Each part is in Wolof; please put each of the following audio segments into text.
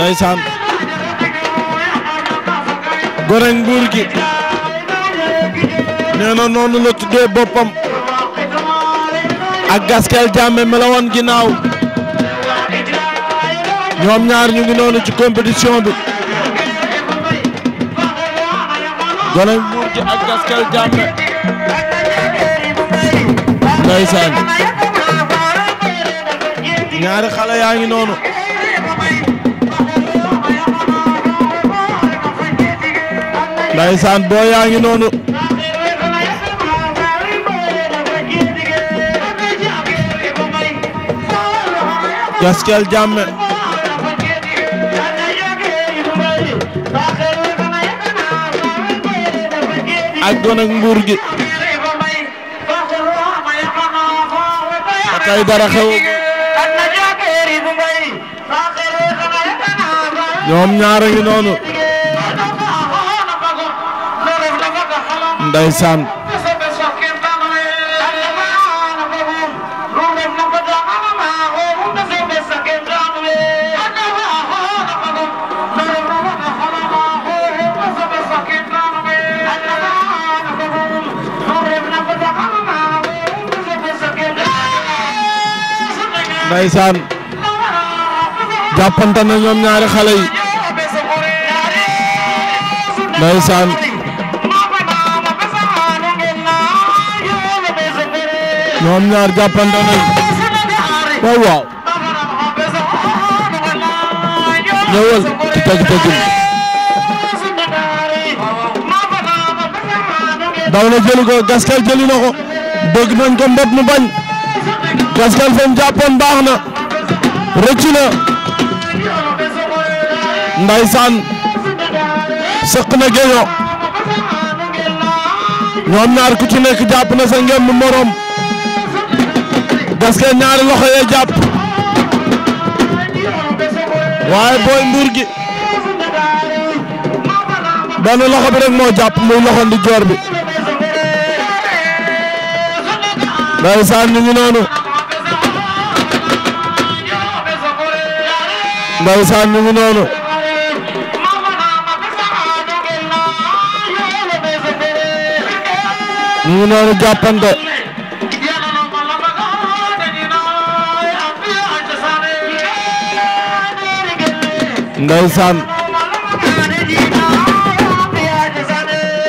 ndeysaan gone nguur gi nee na noonu la tuddee boppam ak gaskel jàmme mi la ginnaaw ñoom ñaar ñu ngi noonu ci compétition bi gone nguur gi ak ñaari xale yaa ndaysaan boo yaa ngi noonu Gaskel Jamme ak gon ak mbuur gi ba tey dara xew ñoom ngi noonu ndeysaan Ndeysaan jàppante na ñoom ñaari xale yi Ndeysaan ñoom ñaar jàppante nañ waaw waaw ñëwal ci tëj tëjum daw na jëli ko Gaskel jëli na ko bañ Gaskel fam jàppoon baax na rëcc na ndaysaan sëq na géeyo ñoom ñaar ku ci nekk jàpp na sa ngëm parce que ñaari loxo yee jàpp waaye Boy Mbour gi benn loxo bi rek moo jàpp muy loxo ndi joor bi ndeysaan ñu ngi noonu ndeysaan ñu ndeysaan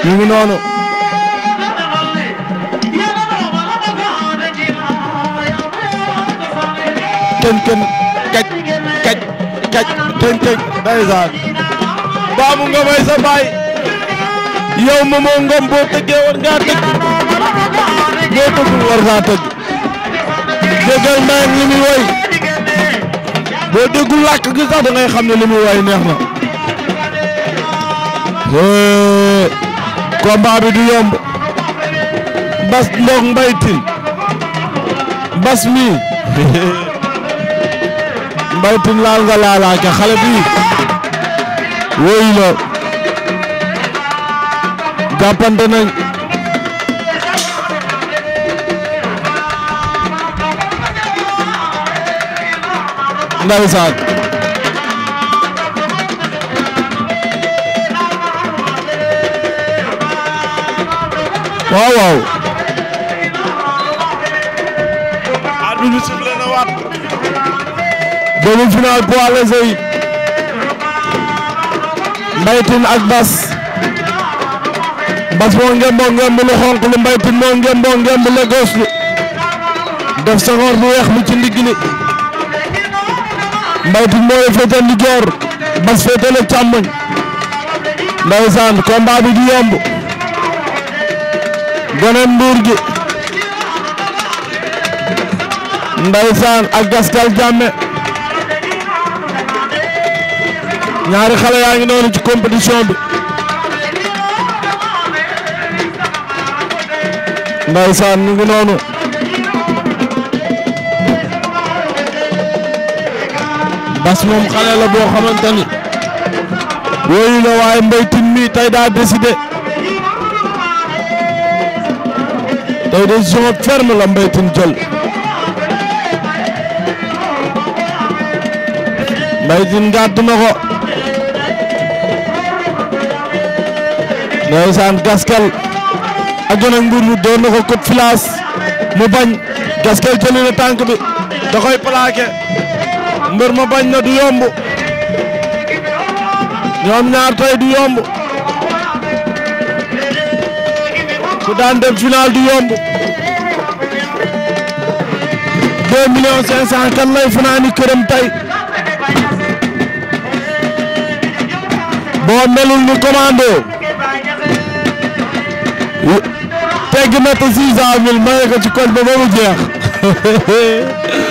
ñu ngi noonu kën kën kaj kaj kaj kën may sa baay yow ma moo ngom boo tëggee war war ngaa tëgg déggal naa li muy boo déggul làkk gi sax da ngay xam ne li muy waay neex na. Eh, combat bi du yomb bas ndox Mbaye bas mi Mbaye Tine laal nga laalaake xale bi wóoyu la jàppante nañ. ndeysaan waaw waaw arbitre bi sifflé na waat demi-finale poids léger yi Mbaye Tine ak Bass Bass moo ngemb moo ngemb lu xonq lu Mbaye Tine moo ngemb moo ngemb lu gos lu def sa ngor lu weex lu ci ndigg li Mbaye Tine moo la féetee ndijoor Bass féetee la càmmoñ ndeysaan combat bi du yomb gone mbuur gi ndeysaan ak ñaari xale yaa ngi noonu ci compétition bi ndeysaan ñu ngi noonu Bass moom xale la boo xamante ni wóoyu la waaye Mbaye Tine mi tey daa décidé tey décision ferme la Mbaye Tine jël Mbaye gaskel ak jona nguur mu doon na ko filaas mu bañ gaskel jëli na bi da koy plaqué mbër ma bañ na du yomb ñoom ñaar tey du yomb ku daan dem final du yomb deux millions cinq cent kan lay fanaani këram tey boo melul ni commando tegg na te six cent mille maye ko ci koñ ba ba mu jeex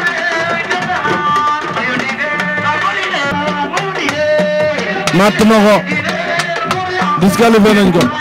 matt na ko disqualifié nañ ko